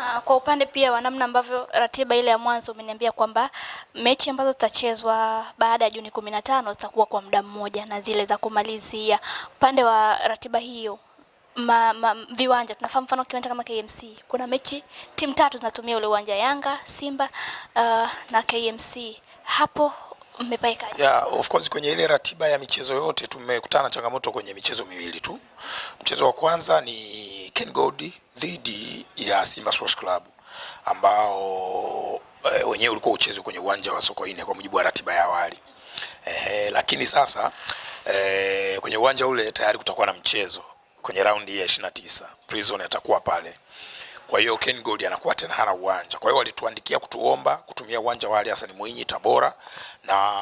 Ah, kwa upande pia wa namna ambavyo ratiba ile ya mwanzo umeniambia kwamba mechi ambazo zitachezwa baada ya Juni kumi na tano zitakuwa kwa muda mmoja na zile za kumalizia, upande wa ratiba hiyo ma, ma, viwanja tunafahamu, mfano kiwanja kama KMC kuna mechi timu tatu zinatumia ule uwanja, Yanga, Simba uh, na KMC hapo Mmepaikaje? Yeah, of course kwenye ile ratiba ya michezo yote tumekutana changamoto kwenye michezo miwili tu. Mchezo wa kwanza ni Ken Gold dhidi ya Simba Sports Club ambao e, wenyewe ulikuwa uchezwe kwenye uwanja wa Sokoine kwa mujibu wa ratiba ya awali. Ehe, lakini sasa e, kwenye uwanja ule tayari kutakuwa na mchezo kwenye raundi ya 29. Prison atakuwa pale. Kwa hiyo Ken Gold anakuwa tena hana uwanja. Kwa hiyo walituandikia kutuomba kutumia uwanja wa Ali Hassan Mwinyi Tabora, na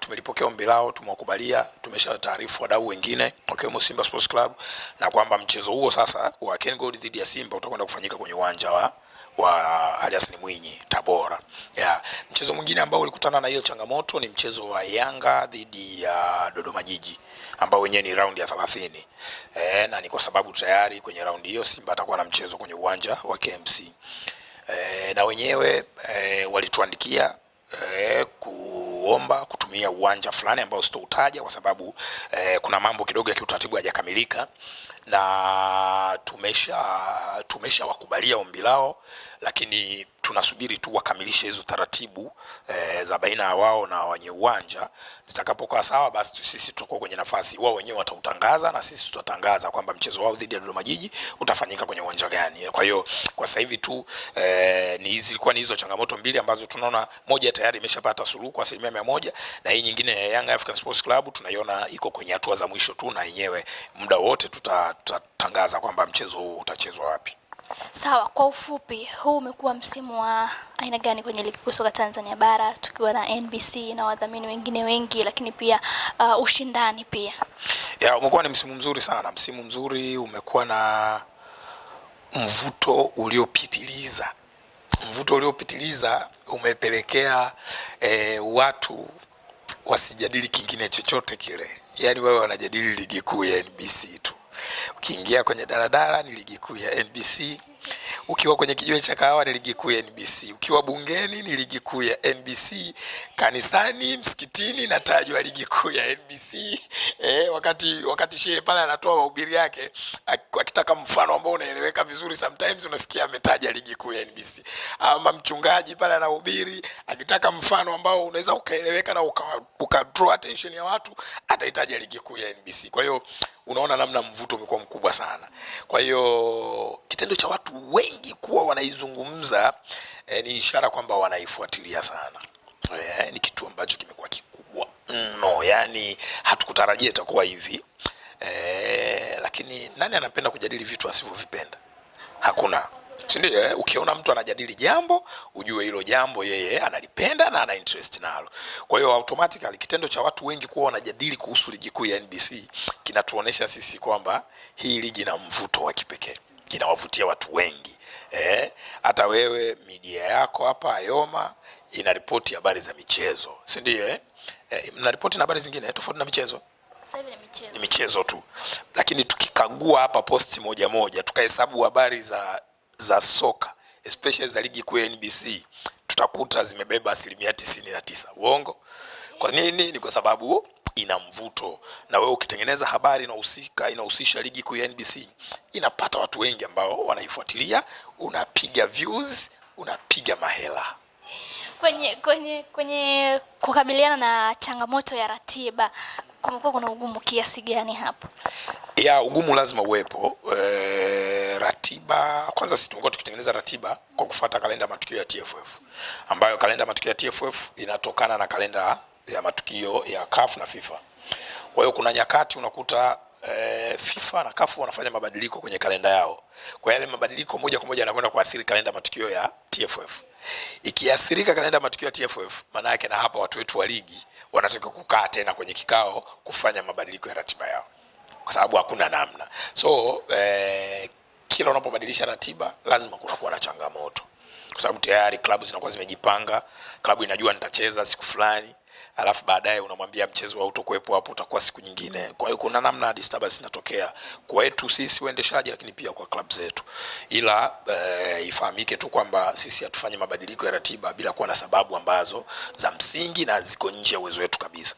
tumelipokea ombi lao, tumewakubalia. Tumesha taarifu wadau wengine wakiwemo Simba Sports Club na kwamba mchezo huo sasa wa Ken Gold dhidi ya Simba utakwenda kufanyika kwenye uwanja wa wa Ali Hassan Mwinyi Tabora. Yeah. Mchezo mwingine ambao ulikutana na hiyo changamoto ni mchezo wa Yanga dhidi ya Dodoma Jiji ambao wenyewe ni raundi ya 30. E, eh, na ni kwa sababu tayari kwenye raundi hiyo Simba atakuwa na mchezo kwenye uwanja wa KMC. E, eh, na wenyewe e, walituandikia e, kuomba kutumia uwanja fulani ambao sitoutaja kwa sababu e, kuna mambo kidogo ya kiutaratibu hayajakamilika na tumesha tumeshawakubalia ombi lao, lakini tunasubiri tu wakamilishe hizo taratibu e, za baina ya wao na wenye uwanja. Zitakapokuwa sawa, basi sisi tutakuwa kwenye nafasi, wao wenyewe watautangaza na sisi tutatangaza kwamba mchezo wao dhidi ya Dodoma Jiji utafanyika kwenye uwanja gani. Kwa hiyo kwa sasa hivi tu e, ni zilikuwa ni hizo changamoto mbili ambazo tunaona moja tayari imeshapata suluhu kwa asilimia mia moja na hii nyingine ya Young African Sports Club tunaiona iko kwenye hatua za mwisho tu, na yenyewe muda wote tutatangaza tuta, kwamba mchezo huu utachezwa wapi. Sawa, kwa ufupi, huu umekuwa msimu wa aina gani kwenye ligi kuu soka Tanzania bara, tukiwa na NBC na wadhamini wengine wengi, lakini pia uh, ushindani pia ya umekuwa ni msimu mzuri sana. Msimu mzuri umekuwa na mvuto uliopitiliza, mvuto uliopitiliza umepelekea eh, watu wasijadili kingine chochote kile, yaani wao wanajadili ligi kuu ya NBC tu. Ukiingia kwenye daladala ni ligi kuu ya NBC ukiwa kwenye kijiwe cha kahawa ni ligi kuu ya NBC, ukiwa bungeni ni ligi kuu ya NBC, kanisani, msikitini natajwa ligi kuu ya NBC. Eh, wakati wakati shehe pale anatoa mahubiri yake akitaka mfano ambao unaeleweka vizuri, sometimes unasikia ametaja ligi kuu ya NBC, ama mchungaji pale anahubiri akitaka mfano ambao unaweza ukaeleweka na uka, uka draw attention ya watu, ataitaja ligi kuu ya NBC. Kwa hiyo unaona namna mvuto umekuwa mkubwa sana, kwa hiyo kitendo cha watu wengi kuwa wanaizungumza eh, ni ishara kwamba wanaifuatilia sana eh, ni kitu ambacho kimekuwa kikubwa mno, yani hatukutarajia itakuwa hivi eh, lakini nani anapenda kujadili vitu asivyovipenda? Hakuna. Sindio, eh? Ukiona mtu anajadili jambo ujue hilo jambo yeye analipenda na ana interest nalo. Kwa hiyo automatically kitendo cha watu wengi kuwa wanajadili kuhusu ligi kuu ya NBC kinatuonesha sisi kwamba hii ligi ina mvuto wa kipekee inawavutia watu wengi eh, hata wewe media yako hapa Ayoma inaripoti habari za michezo si ndio eh? Eh, mnaripoti na habari zingine eh, tofauti na michezo ni michezo. Ni michezo tu, lakini tukikagua hapa posti moja moja tukahesabu habari za za soka especially za ligi kuu ya NBC tutakuta zimebeba asilimia tisini na tisa. Uongo? Kwa nini? Ni kwa sababu ina mvuto, na wewe ukitengeneza habari inahusika inahusisha ligi kuu ya NBC, inapata watu wengi ambao wanaifuatilia, unapiga views, unapiga mahela. Kwenye kwenye kwenye kukabiliana na changamoto ya ratiba kumekuwa kuna ugumu kiasi gani hapo? Ya ugumu lazima uwepo. E, ratiba kwanza, sisi tumekuwa tukitengeneza ratiba kwa kufuata kalenda matukio ya TFF ambayo kalenda matukio ya TFF inatokana na kalenda ya matukio ya CAF na FIFA. Kwa hiyo kuna nyakati unakuta e, FIFA na CAF wanafanya mabadiliko kwenye kalenda yao. Kwa yale mabadiliko moja kwa moja yanakwenda kuathiri kalenda matukio ya TFF. Ikiathirika kalenda matukio ya TFF, maana yake na hapa watu wetu wa ligi wanataka kukaa tena kwenye kikao kufanya mabadiliko ya ratiba yao, kwa sababu hakuna namna. So e, kila unapobadilisha ratiba lazima kunakuwa na changamoto, kwa sababu tayari klabu zinakuwa zimejipanga, klabu inajua nitacheza siku fulani alafu baadaye unamwambia mchezo hautokuwepo hapo, utakuwa siku nyingine. Kwa hiyo kuna namna disturbance inatokea kwetu sisi waendeshaji, lakini pia kwa klabu zetu, ila e, ifahamike tu kwamba sisi hatufanyi mabadiliko ya ratiba bila kuwa na sababu ambazo za msingi na ziko nje ya uwezo wetu kabisa.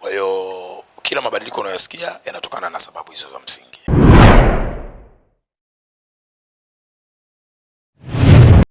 Kwa hiyo kila mabadiliko unayosikia yanatokana na sababu hizo za msingi.